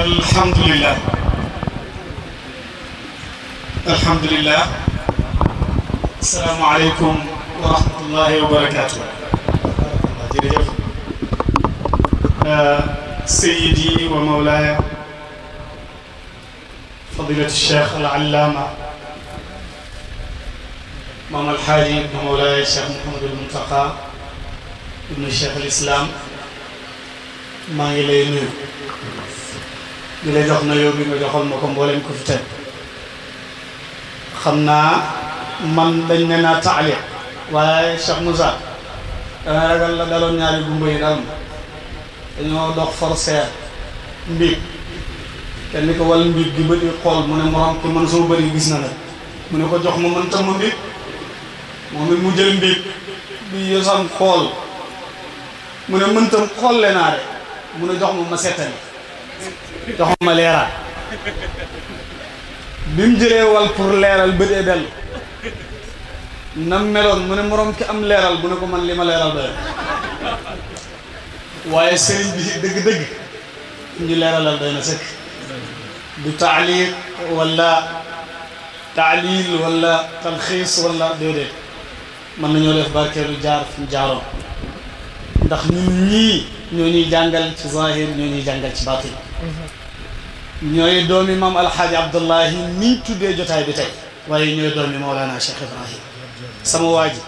alhamdulilah alhamdulilah asalaamaaleykum euh, wa rahmatullahi wa barakaatu jërëjëf sayidi wa mawlaaya fadilatu cheikh al allaama maam alxaaji wa mawlaaya cheikh Mouhamadul Muntaqa ibnu cheikh al islam maa ngi lay nuyu di la jox na yow bi nga joxal ma ko mboolem ko fi xam naa man dañ ne naa taaliq waaye Cheikh Moussa dana ragal la daloon ñaari gumba yi daal ma dañoo dox forcer mbiig kenn ko wal mbiig gi bëri xool mu ne morom ki man soo bëri gis na la mu ne ko jox ma man tam ma mbiig moom mu jël mbiig bi yosam xool mu ne mëntam xool le naa de mu ne jox ma ma settani taxuma leeraat leera mu jëlee wal pour leeral bëtee dellu nam meloon mu ne moroom ki am leeral bu ne ko man li ma leeral doy waaye sëriñ dëgg-dëgg ñu leeralal doy na sëkk du taaliq wala taalil wala talxiis wala déedéet mën nañoo def barkeelu jaar fi jaaroon ndax ni ñii ñoo ñuy jàngal ci zahir ñoo ñuy jàngal ci baatin ñooy doomi maam alxaaji abdullahi mi tuddee jotaay bi tey waaye ñooy doomi maolana cheikh ibrahim sama waaji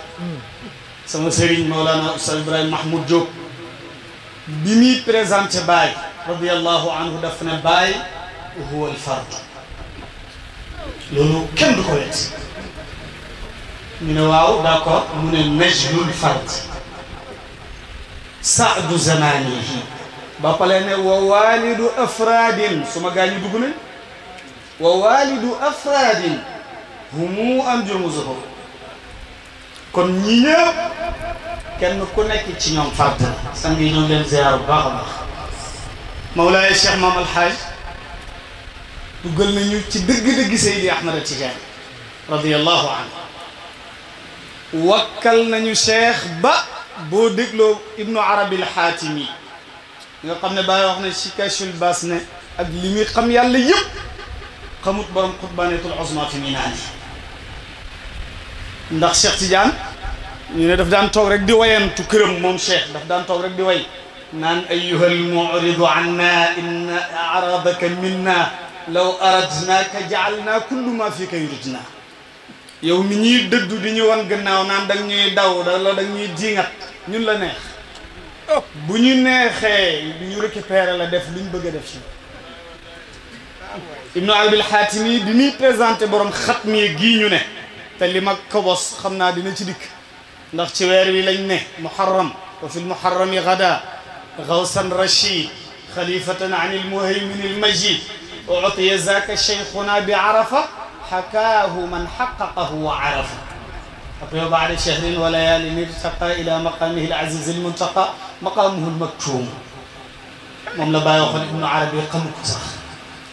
sama sëriñ maolana ustaz ibrahim mahmoud diop bi muy présenté baay radiallahu anhu daf ne baay huwa alfardu loolu kenn du ko wet ñu waaw d'accord mu ne najlul fard saadu zamanihi ba pale ne wa waalidu afraadin suma gaa ñu dugg nañ humu am jurmu zuhur kon ñi kenn ku nekk ci ñoom fàdd sang yi ñoom leen ziar bu baax a baax Cheikh Maam Alxaaj duggal nañu ci dëgg-dëgg Seydi Ahmada Tijaan radiyallahu anhu wakkal nañu cheikh ba boo dégloo ibnu arabi alxaatimi nga xam ne Baay wax ne si kashful baas ne ak li muy xam yàlla yëpp xamut borom xutbaanetul osma fi minaani ndax Cheikh Tidiane ñu ne daf daan toog rek di wayantu këram moom Cheikh daf daan toog rek di way naan ayyuhal mu'ridu anna inna aradaka minna law aradnaka ja'alna kullu ma fika yuridna yow mi ñuy dëddu di ñu wan gannaaw naan da ñuy daw da la da ñuy diingat ñun la neex bu ñu neexee ñu récupérer la def lu ñu bëgg a def si Ibnu Arabil Xaatimi bi muy présenté borom xatmi gii ñu ne te li ma kobos xam naa dina ci dikk ndax ci weer wi lañ ne muharram wa fi lmuharrami gada gawsan rachid xalifatan an ilmuhaymin ilmajid wa utiya zaka cheikhuna bi arafa xakaahu man xaqaqahu wa arafa أقيم بعد شهر وليالي من ارتقى إلى مقامه العزيز المنتقى مقامه المكتوم moom la bàyyi waxoon ibnu arabi xamu ko sax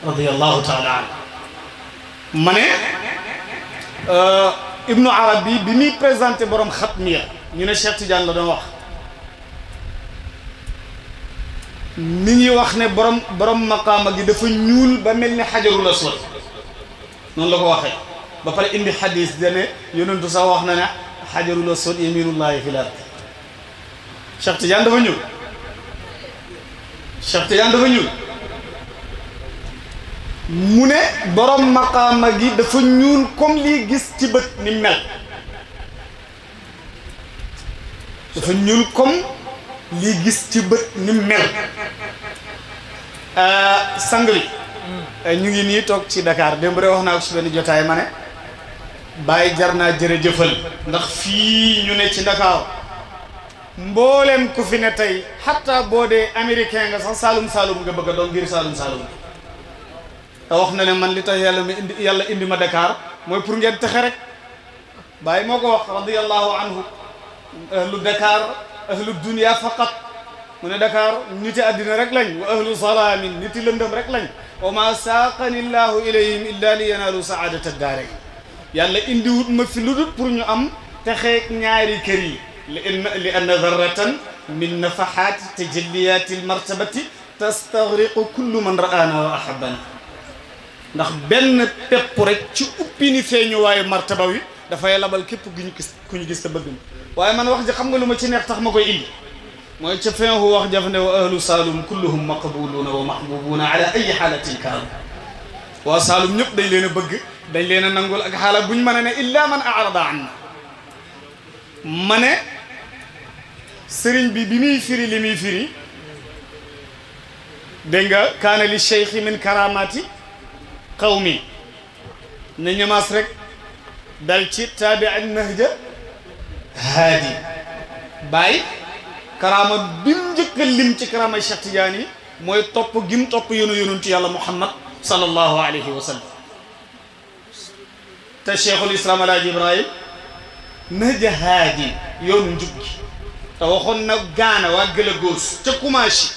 radiallahu taala an ma ne ibnu arabi bi muy présenté borom xatmiya ñu ne Cheikh Tidiane la doon wax mi ngi wax ne borom borom maqaama gi dafa ñuul ba mel ni xajarul aswad noonu la ko waxee ba pare indi xadis dane yonentu sa wax na ne xajaruloo aswad yaminullahi fil ard Cheikh Tidiane dafa ñuul Cheikh Tidiane dafa ñuul mu ne borom maqaama gi dafa ñuul comme gis ci bët dafa ñuul comme lii gis ci bët ni mel euh, sang hmm. euh, ñu ngi nii toog ci Dakar démb rek wax naa ko si benn jotaay ma ne bàyyi jar naa jërëjëfal ndax fii ñu ne ci Ndakaaru mbooleem ku fi ne tey xatta boo dee américain nga sax saalum saalum nga bëgg a doon ngir saalum saalum te wax na ne man li tax yàlla indi yàlla indi ma Dakar mooy pour ngeen texe rek bàyyi moo ko wax radiyallahu anhu ahlu Dakar ahlu dunia faqat mu ne Dakar niti àddina rek lañ wa ahlu salaamin niti lëndëm rek lañ wa ma saaqani llahu ilayhim illa li yanaalu saadata daareyn yàlla indiwut ma fi lu dul pour ñu am texeeg ñaari kër yi li anna zarratan min nafahaati tajalliyati almartabati tastagriqu kullu man ra'ana wa ahabana ndax benn pepp rek ci uppi ni feeñu waaye martaba wi dafay labal képp ku ñu gis ku ñu gis te bëggum waaye man wax ji xam nga lu ma ci neex tax ma koy indi mooy ca fin wu wax wa ahlu saalum kulluhum maqbuluuna wa mahbubuuna ala ayi xaalatin kaanu waa saalum ñëpp dañ leen bëgg dañ leen a nangul ak xaala buñ mën a ne illa man arada an na ma sëriñ bi bi muy firi li firi dégg nga kaana li cheikhi min karamati qawmi na ñamaas rek dal ci taabi ak haadi bàyyi karaama bi mu lim ci karaama Cheikh Tidiane yi mooy topp gim topp yonu yonentu yàlla Muhammad sallallahu alayhi wa te cheikhul islam alaaji ibrahim na jahaaji yoonu njub gi te waxoon nag gaana waa gëla góos ca Kumaashi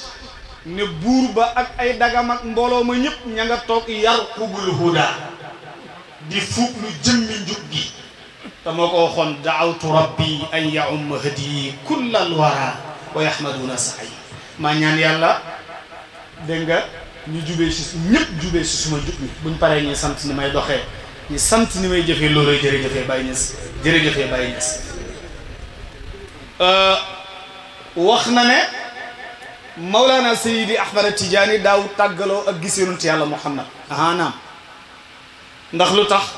ne buur ba ak ay dagam mbooloo ma ñëpp ña nga toog yarqubul huda di fuub lu jëmmi njub gi te moo ko waxoon daawtu rabbi an yaumma hadiyi kullal wara wa yahmaduna saay maa ñaan yàlla dégg nga ñu jubee si ñëpp jubee si suma njub mi ñu paree ñi sant ni may doxee di sant ni may jëfee loolooy jërëjëfee Baye Niass jërëjëfee Baye Niass euh, wax na ne Maulana Seydi Ahmad Tidiane daaw tàggaloo ak gis yonent yàlla Muhammad ahanaam ndax lu tax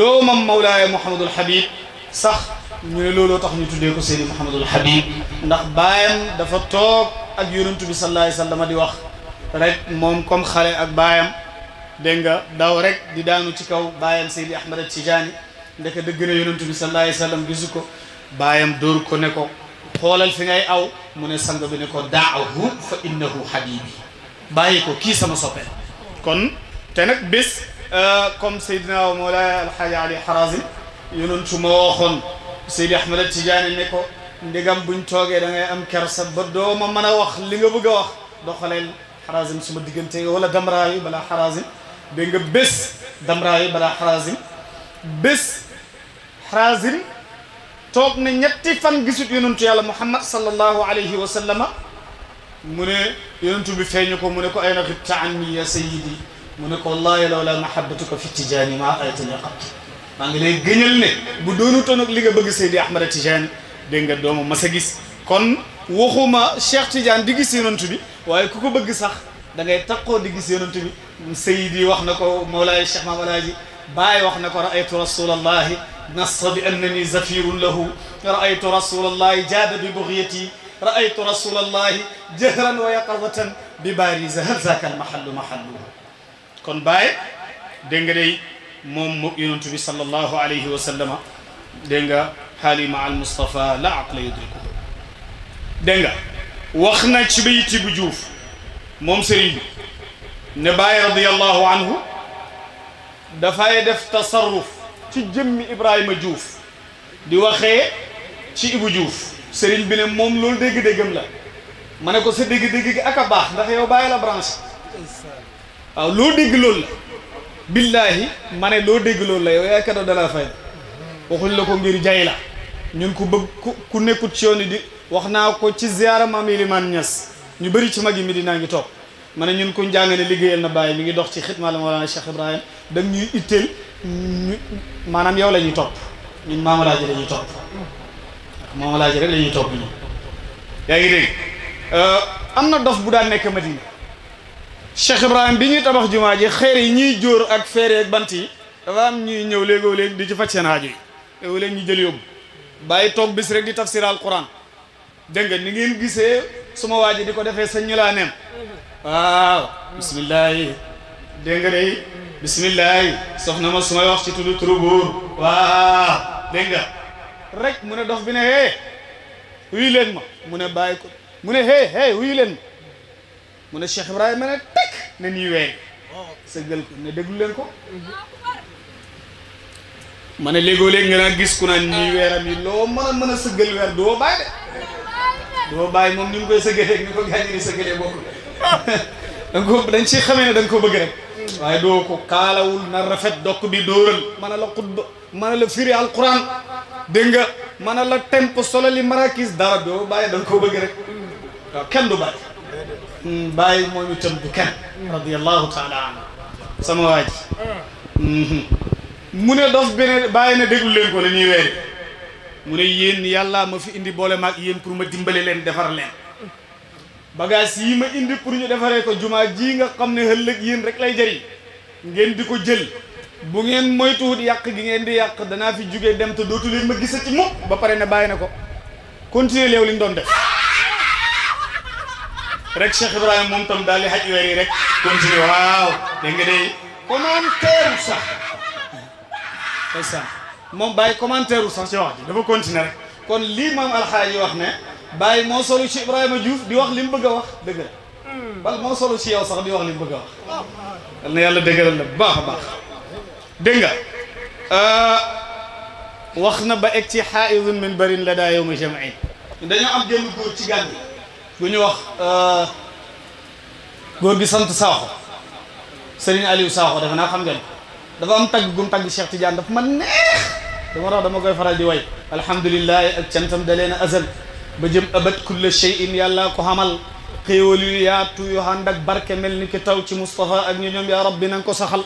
doomam Maulaaya Mouhamadul Habib sax ñu ne looloo tax ñu tuddee ko Seydi Mouhamadul Habib ndax baayam dafa toog ak yonent bi sallallahu alayhi wa sallam di wax rek moom comme xale ak baayam dégg nga daw rek di daanu ci kaw baayam Seydi Ahmad Tijaani ndeke dëgg na yonentu bi sallallahu alayhi wa sallam gisu ko baayam dóor ko ne ko xoolal fi ngay aw mu ne sang bi ne ko daahu fa innahu habibi bàyyi ko kii sama soppe kon te nag bés euh, comme Seydina wa Mawlaaya Alxaaji Ali Harazim yonentu ma waxoon Seydi Ahmad Tijaani ne ko ndigam buñ toogee da ngay am kersa ba doo ma mën a wax li nga bëgg a wax doxaleel Harazim suma diggante wala damraayu balaa Harazim dégg nga bés damraayi balaa xaraasim bés xaraasim toog na ñetti fan gisut yonentu yàlla muhammad sallallahu alayhi wa sallama mu ne bi feeñu ko mu ne ko ay na xibta anni ya sayidi ko wallahi lawla mahabbatuka fi tijaani maa aytani qat maa ngi lay bu doonutoon ak li nga bëgg Seydi Ahmada Tijaani dégg nga doomu mas gis kon waxuma Cheikh Tidiane di gis bi waaye ku ko bëgg sax da ngay taqoo di gis yonent bi sayid yi wax na ko Mawlaay Cheikh Maam Alaaji Baay wax na ko raaytu rasulallahi nassa bi annani zafirun lahu raaytu rasulallahi jaada bi bugyati raaytu rasulallahi jahran wa yaqazatan bi baariza hal zaaka al mahallu mahalluhu kon Baay dégg nga day moom mu yonent bi sallallahu alayhi wa sallama dégg nga xaali ma al Mustafa la aqla yudrikuhu dégg nga wax na ci bayti bu juuf moom sëriñ bi ne bàyyi radiyallahu anhu dafay def tasarruf ci jëmmi Ibrahima Diouf di waxee ci Ibou Diouf sëriñ bi ne moom loolu dégg-déggam la ma ne ko sa dégg-dégg gi ak a baax ndax yow bàyyi la branche waaw loo dégg loolu la billaahi ma ne loo dégg lool la yow yaay kadoo dalaa fay waxuñ la ko ngir jay la ñun ku bëgg ku ku nekkut ci yoon di wax naa ko ci ziyaara maam Ilimaan Ñas ñu bari ci mag yi mi dinaa ngi toog ma ne ñun kuñ jàng ne liggéeyal na bàyyi mi ngi dox ci xidma la Mawlana Cheikh Ibrahim dag ñuy itteel maanaam yow la ñuy topp ñun Maama Laaji la ñuy topp Maama Laaji rek la ñuy topp ñun yaa ngi dégg euh, am na dof bu daan nekk ma Madina Cheikh Ibrahim bi ñuy tabax jumaa ji xeer yi ñuy jóor ak feere ak bant yi dafa am ñuy ñëw léegoo léegi di ci faj seen aajo yi léegoo léegi ñu jël yóbbu bàyyi toog bis rek di tafsir al Quran dégg nga ni ngeen gisee suma waa yi di ko defee sa ñu laa neem waaw bisimilahi dégg nga day soxna ma su may wax ci tudd turu buur waaw dégg nga mu ne dof bi ne hee wuyu ma mu ne bàyyi ko mu ne hee hee wuyu leen ma mu ne Cheikh Ibrahima ne tekk ne nii weey sëggal ko ne déglu leen ko ma ne léegoo-léeg nga naa gis ku naan nii weeram yi loo mën a mën a sëggal weer doo bàyyi de doo bàyyi moom ni mu koy sëggalee ni ko gaañu ni sëggalee da nga ko dañ ci xamee ne da ko bëgg rek waaye doo ko kaalawul na rafet dokk bi dóoral mana la xutba mana la firi alquran dégg nga mana la temp solo li marakis dara doo bàyyi da nga ko bëgg rek kenn du bàyyi moo ñu tëm sama waa hmm. mu ne dof bi ne bàyyi na déglu leen ko la ñuy weeri mu ne yéen yàlla ma fi indi boole maag yéen pour ma dimbale leen defar leen bagage yii ma indi pour ñu defaree ko jumaa jii nga xam ne ëllëg yéen rek lay jëriñ ngeen di ko jël bu ngeen moytuwut yàq gi ngeen di yàq danaa fi jóge dem te dootul leen ma gis gisati mukk ba pare ne bàyyi na ko continuer léew li ñu doon def rek Cheikh Ibrahima moom tam daal di xaj weer yi rek continuer waaw dégg nga day commentaire sax moom bàyyi commentaire sax ci wax ji dafa continuer rek kon lii maam alxaaji wax ne bàyyi moo solu ci Ibrahima Diouf di wax li mu bëgg a wax dëgg la hmm. bal moo solu ci yow sax di wax li mu bëgg a wax dal na yàlla dëgëral la bu baax a baax dégg euh, wax na ba egg ci xaaidun min barin la daa yow ma dañoo am génn góor ci gànn gu ñu wax euh, góor gi sant Sakho Serigne Aliou Sakho defe naa xam ngeen dafa am tagg gum tagg Cheikh Tidiane dafa ma neex dama tax dama koy faral di way alhamdulilah ak cantam da leen azal ba jëm abat kulla shay'in yàlla ko xamal xéewal yu yaatu yu ànd barke mel ni ki taw ci Moustapha ak ñu ñoom yaa rabbi ko saxal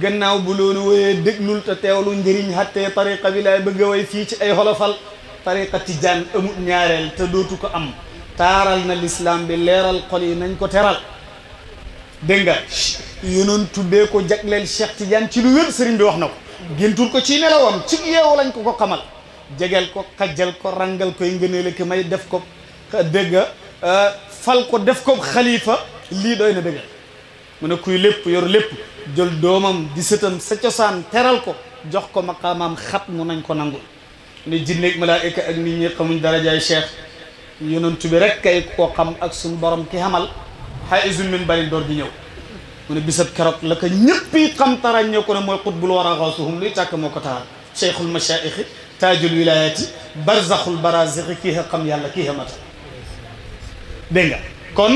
gannaaw bu loolu wooyee déglul te teewlu njëriñ xattee tariqa bi laay bëgg a way ci ay xolofal tariqa tijaan amut ñaareel te dootu ko am taaral na lislaam bi leeral xol yi nañ ko teral dégg nga yonoon tuddee ko jagleel Cheikh Tidiane ci lu wér sëriñ bi wax na ko géntul ko ci nelawam ci yeewu lañ ko ko jegel ko xajjal ko rangal koy ngëneele ki may def ko dégg nga euh, fal ko def ko xalifa lii doy na dëggal mu ne kuy lépp yor lépp jël doomam di sëtam sa cosaan teral ko jox ko maqaamaam xat mu nañ ko nangu nangul ne jinneeg malaayika ak nit ñi xamuñ darajaay cheikh yonent bi rek kay koo xam ak suñu borom ki xamal xay isun min balin door di ñëw mu ne bisab keroog la ko ñëpp yi xam tarañ ñoo ko ne mooy xutbul war a xawsuhum luy tàkk moo ko taal cheikhul machaïxi taajul wilaayati barzaxul barazixi kii a xam yàlla kii a mata dégg nga kon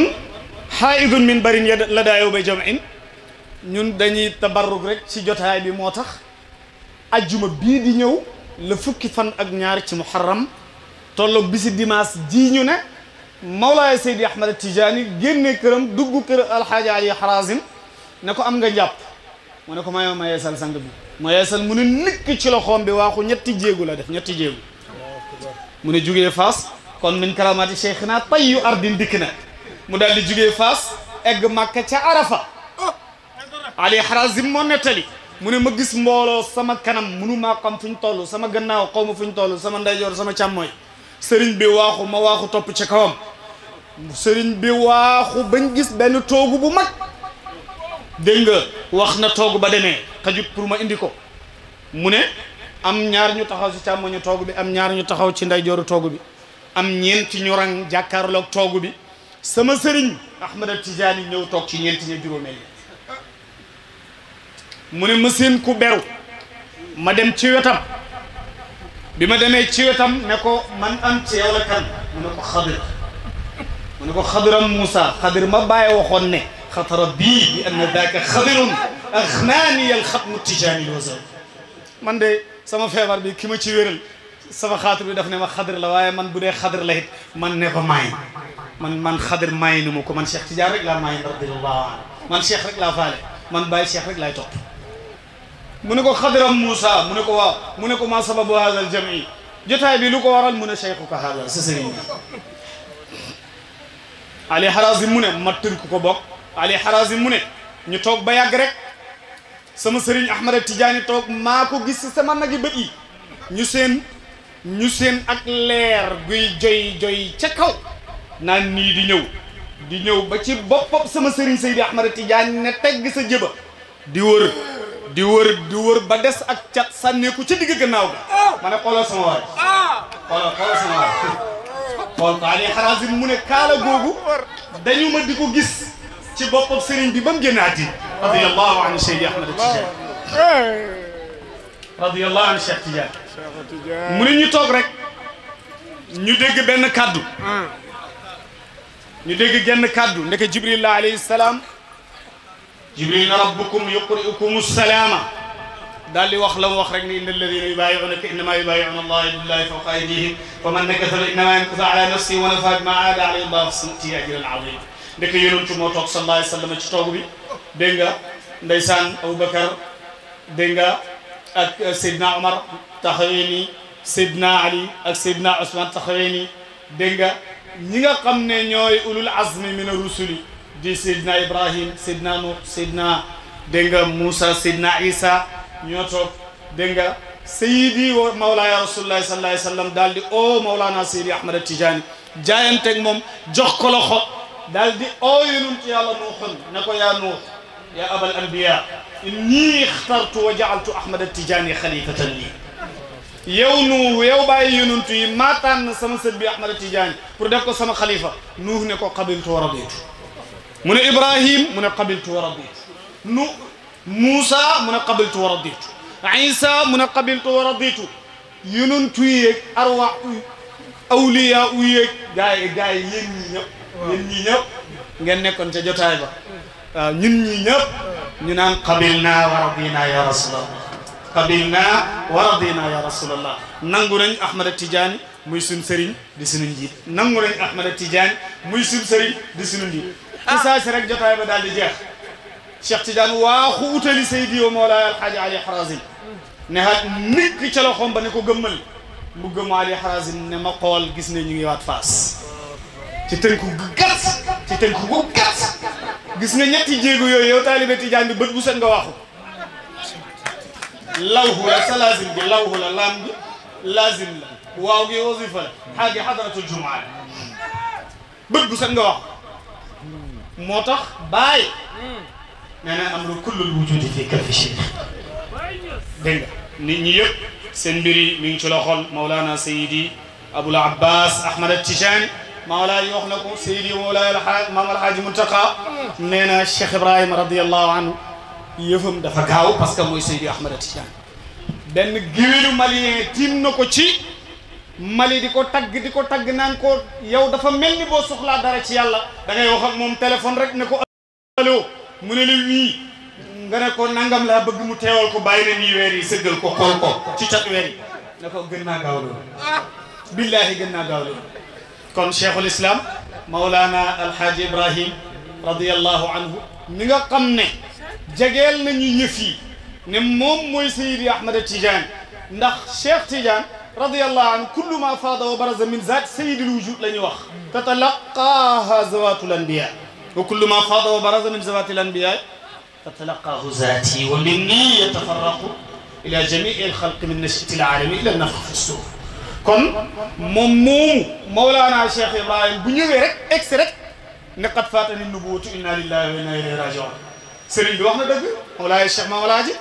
xaaidun min barin la daayow bay jamain ñun dañuy tabarruk rek ci jotaay bi moo tax ajjuma bii di ñëw la fukki fan ak ñaar ci muharram tolloog bisi dimaas ji ñu ne Mawlaaya Seydi Ahmad Tijaani génne këram dugg kër alxaaji Ali Harazim ne ko am nga njàpp mu ne ko mayoo mayee sal sang bi ma yeesal mu ne likk ci loxoom bi waaxu ñetti jéegu la def ñetti jéegu mu ne jugee fas kon min karamaati cheikhina pay yu ardin dikk na mu daal di jugee fas egg Màkka ca Arafa Ali Harazim moo nettali mu ne ma gis mbooloo sama kanam munu maa xam fu ñu toll sama gannaaw xaw ma fu ñu toll sama ndeyjoor sama càmmooy sëriñ bi waaxu ma waaxu topp ca kawam sëriñ bi waaxu bañ benn toogu bu mag dégg nga wax na toog ba demee xajut pour ma indi ko mu ne am ñaar ñu taxaw ci càmmoñu toog bi am ñaar ñu taxaw ci ndeyjooru toog bi am ñeenti ñu rang jàkkaarloog toog bi sama sëriñ Ahmada Tijaani ñëw toog ci ñeenti ña juróomeel mu ne ma seen ku beru ma dem ci wetam bi ma demee ci wetam ne ko man am ci la kan mu ne ko xadir mu ne ko xadiram Moussa xadir ma bàyyi waxoon ne xatara bii bi anna daaka xadirun axnaani alxatmu tijaani lwasal man de sama feebar bi ki ma ci wéral sama xaatir bi daf ne ma xadir la waaye man bu dee xadir la it man ne ko maay man man xadir maay nu ma ko man Cheikh Tidiane rek laa maay radiyallahu anhu man Cheikh rek laa faale man Baye Cheikh rek laay topp mu ne ko xadiram Moussa mu ne ko waaw mu ne ko maa sababu haada al jamii jotaay bi lu ko waral mu ne cheikhuka haada sa sëriñ bi Ali Harazim mu ne ma tënk ko bokk ali xaraasim mu ne ñu toog ba yàgg rek sama sëriñ ahmada tijaani toog maa ko gis si sama nagi bët yi ñu seen ñu seen ak leer guy joy joy ca kaw naan nii di ñëw di ñëw ba ci boppam sama sëriñ Seydi Ahmada Tidiane ne tegg sa jëba di wër di wër di wër ba des ak cat sànneeku ci digg gannaaw ga ma ne xoolal sama waay xoolal xoolal sama waay xool ko Ali Harazim mu ne kaala googu dañu ma di ko gis ci boppam sëriñ bi ba mu génnaat yi radiyallahu anhu Seydi Ahmad Tijaan radiyallahu anhu Cheikh Tijaan mu ne ñu toog rek ñu dégg benn kàddu ñu dégg genn kàddu ndeke jibril la alayhi salaam jibril na rabbukum yuqri'ukum salaama daal di wax la mu wax rek ni inna alladina yubayi'unaka innama yubayi'una allaha yadullahi fawqa aydihim wa man nakatha fa innama yankutu ala nafsihi wa nafa bima aada alayhi allah fasnu'tihi ajran azima ndeke yonentu moo toog sallallahu alayhi wa sallam ci toog bi dégg nga ndeysaan Aboubacar dégg ak euh, Seydina Omar taxawee nii Ali ak Seydina Ousmane taxawee nii dégg nga ñi nga xam ne ñooy ulul azmi min rusuli di Seydina Ibrahim Seydina Nuh Seydina dégg nga Moussa Seydina Isa ñoo toog dégg nga sayidi rasulullahi sallallahu alayhi wa sallam daal di o mawlaana sayidi Ahmad moom jox daal di oo yonent yàlla nuuxun ne ko yaa nuux yaa abal anbiya inni ixtartu wa jaaltu ahmada tijaani xalifatan lii yow nuux yow bàyyi yonent yi maa tànn sama sët bi ahmada tijaani pour def ko sama xalifa nuux ne ko qabiltu wa raditu mu ne ibrahim mu ne qabiltu wa raditu nu muusa mu ne qabiltu wa raditu isa mu ne qabiltu wa raditu yonent yi yeeg arwa awliya u yeeg gaa yi gaa yi yéen ñi ñëpp ñun ñi ñëpp ngeen nekkoon ca jotaay ba waaw ñun ñi ñëpp ñu naan qabil naa a radina ya rasulallah qabil naa wa radina ya rasulallah nangu nañ a Tidiane muy suñ sëriñ di suñu njiit nangu nañ a Tidiane muy suñ sëriñ di suñu njiit ah. ci saa rek jotaay ba daal di jeex Cheikh Tidiane waaxu utali Seydi yow Mawlaay Alxaaji Ali Harazim ne xaat nit ki ca ba ne ko gëmmal mu gëm Ali Harazim ne ma xool gis ne ñu ngi waat faas ci tënku gu gàtt tënku gu gis nga ñetti jéegu yooyu yow taalibe tijaan bi bët bu set nga waxu lawhu la sa lazim bi lawhu la laam bi lazim la waaw gi wasifa la xaagi xadaratul jumaa la waxu moo tax bàyyi nee na am lu kullul wujudi fi kafi shay dégg nga nit ñi yëpp seen mbir yi mi ngi ci loxol Mawlana maam alaaji wax na ko seydi moolaay alxaaj maam alxaaji muntaqa nee na cheikh ibrahima anhu yëfam dafa gaaw parce que mooy seydi ahmada tijaan benn géwélu malien tiim na ko ci mali di ko tagg di ko tagg naan ko yow dafa mel ni boo soxlaa dara ci yàlla da ngay wax ak moom téléphone rek ne ko allo mu ne la wii nga ne ko nangam laa bëgg mu teewal ko bàyyi na nii weer yi ko xool ko ci cat weer ne ko gën naa gaaw loolu billaahi gën naa gaaw loolu kon cheikhul islam maulana alhaaji ibrahim radiallahu anhu mi nga xam ne jegeel nañu yëf yi ne moom mooy sayidi ahmada tidiane ndax cheikh tidiane radiallahu anhu kullu ma faada wa baraza min zaat sayidil wujud la ñuy wax tatalaqaaha zawatul anbiya wa kullu ma faada wa baraza min zawatil anbiya tatalaqaahu zaati wa minni yatafarraqu ila jamii alxalqi min nashiati alalami ila nafxi fi suuf kon moom moomu Mawlaana Cheikh Ibrahim bu ñëwee rek egg si rek ne qad faatani nubuwwatu inna lillahi wa inna ilayhi raji'un sëriñ bi wax na dëgg Mawlaay Cheikh Mawlaaji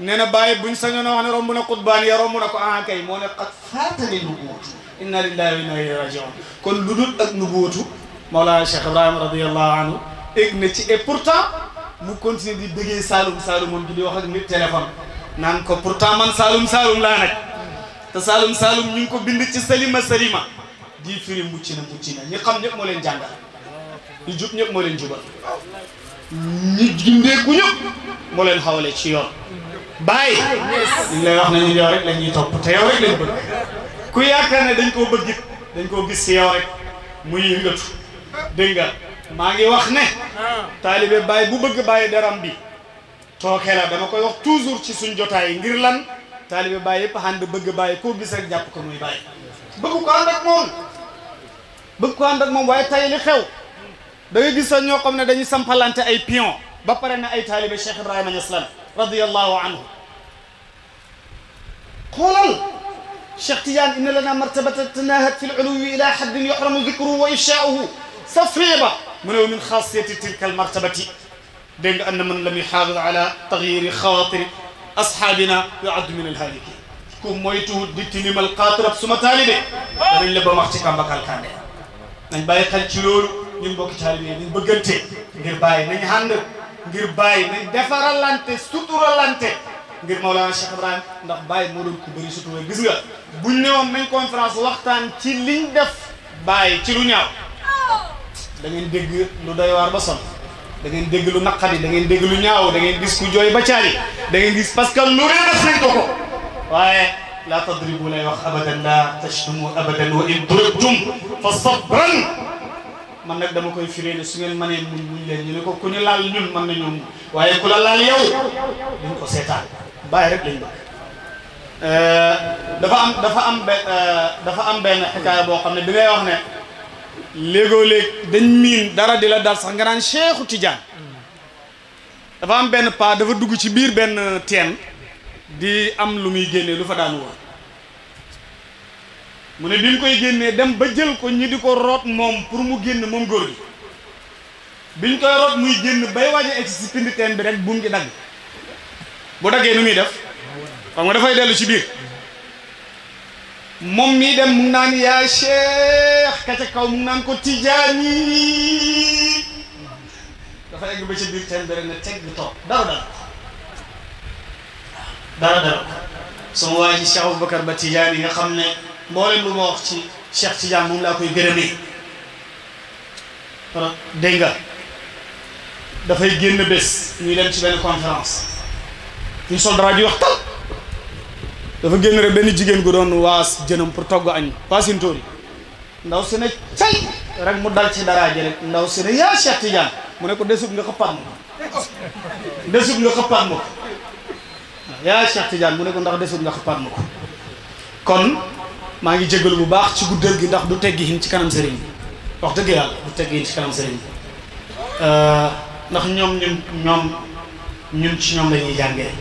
nee na bàyyi buñ sañoon wax ne romb na qutbaan na ko ah kay moo ne qad faatani nubuwwatu inna lillahi wa inna ilayhi raji'un kon lu dul ak nubuwwatu Mawlaana Cheikh Ibrahim radiyallahu anhu egg na ci et mu continuer di bëggee Saalum Saalum moom di wax ak nit naan ko pourtant man Saalum Saalum laa te Saalum Saalum ñu ngi ko bind ci salima salima di firi mucc na mucc na ñi xam ñëpp moo leen jàngal ñu jub ñëpp moo leen jubal ñi gindeeku ñëpp moo leen xawale ci yoon bàyyi liñ lay wax nañu yow rek la topp te yow rek lañ bëgg ku yaakaar ne dañ koo bëggit dañ koo gis si yow rek muy yëngatu dégg maa ngi wax ne taalibe bàyyi bu bëgg bàyyi daram bi tooke la dama koy wax toujours ci suñ jotaay ngir lan taalibe Baay yëpp ànd bëgg Baay koo gis rek jàpp ko muy Baay bëgg ko ànd ak moom bëgg ko ànd ak moom waaye tay li xew da nga gis ñoo xam ne dañuy sampalante ay pion ba pare na ay taalibe Cheikh Ibrahima Niass lan radiyallahu anhu xoolal Cheikh Tidiane inna lana martabata tanahat fi luluwi ila haddin yuhramu dikruhu wa ifshauhu safiba mu ne min xaasiyati tilka almartabati dégg nga anna man lam yuxaafid ala tagyiri xawaatiri asxaabina yuaddu min alhaaliki ku moytuwut di tilimal xaatarab suma taalibe danañ la ba wax ci kàmbakal kànde nañ bàyyi xel ci loolu ñun mbokki taalibe nañ bëggante ngir bàyyi nañ ànd ngir bàyyi nañ defaralante suturalante ngir Mawlana Cheikh Ibrahim ndax bàyyi moo ku bëri sutura gis nga buñ ne woon nañ conférence waxtaan ci liñ def bàyyi ci lu ñaaw oh. da ngeen dégg lu doy ba sonn da ngeen dégg lu naqari da ngeen dégg lu ñaaw da ngeen gis ku jooy ba caari da ngeen gis parce que ko ko waaye la tadribu lay wax abadan la tashtumu abadan wa in duribtum fa sabran man nag dama koy firee ne su ngeen mënee muñ ñu ne ko ku ñu laal ñun mën nañoo muñ waaye ku la laal yow duñ ko seetaan bàyyi euh, dafa am dafa am euh, dafa am benn xikaaya boo xam ne bi ngay wax ne léegoo léeg dañ miin dara di la dal sax nga naan Cheikhu Tidiane dafa am benn paa dafa dugg ci biir benn teen di am lu muy génnee lu fa daan woon mu ne bi ñu koy génnee dem ba jël ko ñi di ko root moom pour mu génn moom góor gi biñ koy root muy génn bay waaj a egg si pindi teen bi rek buum gi dagg bu daggee nu muy def xam nga dafay dellu ci biir moom mii dem mu naan yaa cheikh ka ca kaw mu naan ko tijaani dafa egg ba ci biir teen bi teg toog dara dara dara dara sama waa ji Cheikh ba Tijaani nga xam ne mboolem lu ma wax ci Cheikh Tidiane moom laa koy gërëmee dégg nga dafay génn bés ñuy dem ci benn conférence ñu sol rajo wax tal dafa génn rek benn jigéen gu doon waas jënam pour togg añ paasintóor yi ndaw si ne cay rek mu dal ci dara ji ndaw si ne yaa Cheikh Tidiane mu ne ko desub nga xëppaat ma desub nga xëppaat ma ko mu ne ko ndax desub nga xëppaat ma ko kon maa ngi jégalu bu baax ci guddal gi ndax du teggi hin ci kanam sëriñ bi wax dëgg yàlla du teggi hin ci kanam sëriñ bi euh, ndax ñoom ñun ñoom ñun ci ñoom la ñuy jàngee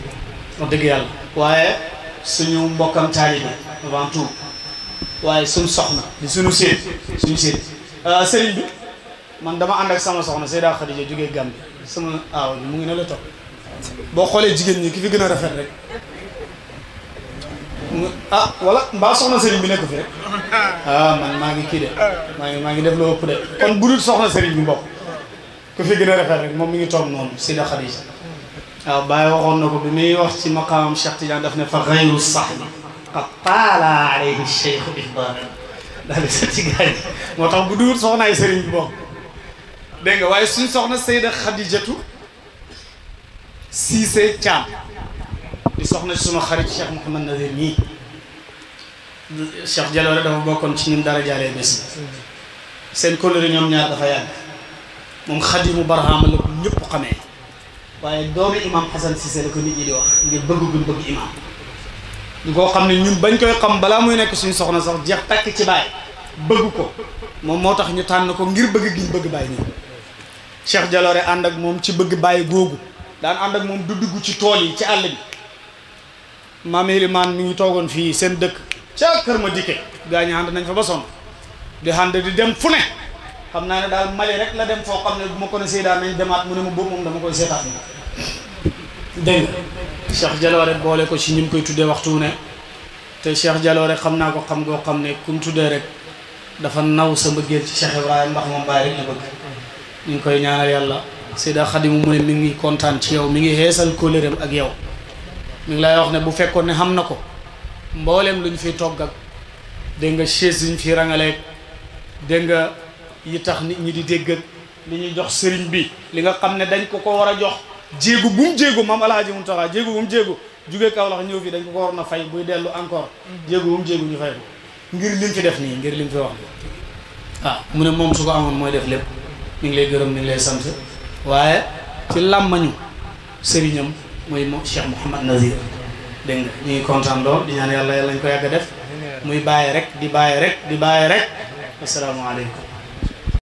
wax dëgg yàlla waaye suñu mbokkam taalibe avant tout waaye suñu soxna di suñu séet suñu séet euh, sëriñ bi man dama ànd ak sama soxna yi Khadija jógee Gambie sama a bi mu ngi ne la topp boo xoolee jigéen ñi ki fi gën a rafet rek ah wala mbaa soxna sëriñ bi nekk fi ah, man maa ngi kii de maa ngi maa ngi def loo ëpp de kon bu dul soxna sëriñ ku fi gën a rafet rek moom mi ngi toog noonu Seyda Khadija waaw Baye waxoon na ko bi muy wax ci maqaamam Cheikh Tidiane daf ne fa xayru sahbi qad taala alayhi cheikhu ibrahim daal di seet ci gars yi moo tax bu duwut soxnaay sëriñ bi bokk dégg nga waaye soxna Seyda Khadijatu soxna suma xarit Cheikh Mouhamad Nazir nii Cheikh Jaloore dafa bokkoon ci ñun dara jaalee bés seen kóllëre ñoom ñaar dafa yàgg waaye doomi imam Xasan Cissé la ko nit ñi di wax ngir bëgg guñ bëgg imam ñu koo xam ne ñun bañ koy xam balaa muy nekk suñu soxna sax jeex takk ci baay bëgg ko moom moo tax ñu tànn ko ngir bëgg giñ bëgg baay ñun Cheikh Jaloore ànd ak moom ci bëgg bàyyi googu daan ànd ak moom du dugg ci tool yi ci àll bi maam Elimaan mi ngi toogoon fii seen dëkk ca kër ma dikke gaa ñi ànd nañ fa ba sonn di ànd di dem fu ne xam naa ne daal Mali rek la dem foo xam ne bu ma ko ne Seydaa nañ demaat mu ne ma boobu moom dama koy seetaat ma dégg nga boole ko ci ñi mu koy tuddee waxtu ne te Cheikh Jaloore xam naa ko xam goo xam ne ku rek dafa naw sa mbëggeel ci Cheikh Ibrahima ndax ñu ngi koy ñaanal yàlla Seydaa Xadimu mu mi ngi kontaan ci yow mi ngi xeesal kóllëreem ak yow mi ngi lay wax ne bu fekkoon ne xam na ko mbooleem lu ñu togg ak dégg nga chaise yuñ fi rangaleeg dégg yi tax nit ñi di dégg li ñuy jox sëriñ bi li nga xam ne dañ ko ko war a jox jéegu bu mu jéegu maam alaaji Muntaxa jéegu bu mu jéegu jugee Kawlax ñëw fii dañ ko ko waroon na fay buy dellu encore mhm. jéegu bu mu jéegu ñu fay ngir lim fi def nii ngir lim fi wax nii ah, mu ne moom su ko amoon mooy def lépp ñu ngi lay gërëm ñu ngi lay sant waaye ci làmmañu sëriñam mooy Cheikh Mouhamad Nazir dégg ñu ngi di ñaan yàlla yàlla ko yàgg def muy bàyyi rek di bàyyi rek di bàyyi rek asalaamaaleykum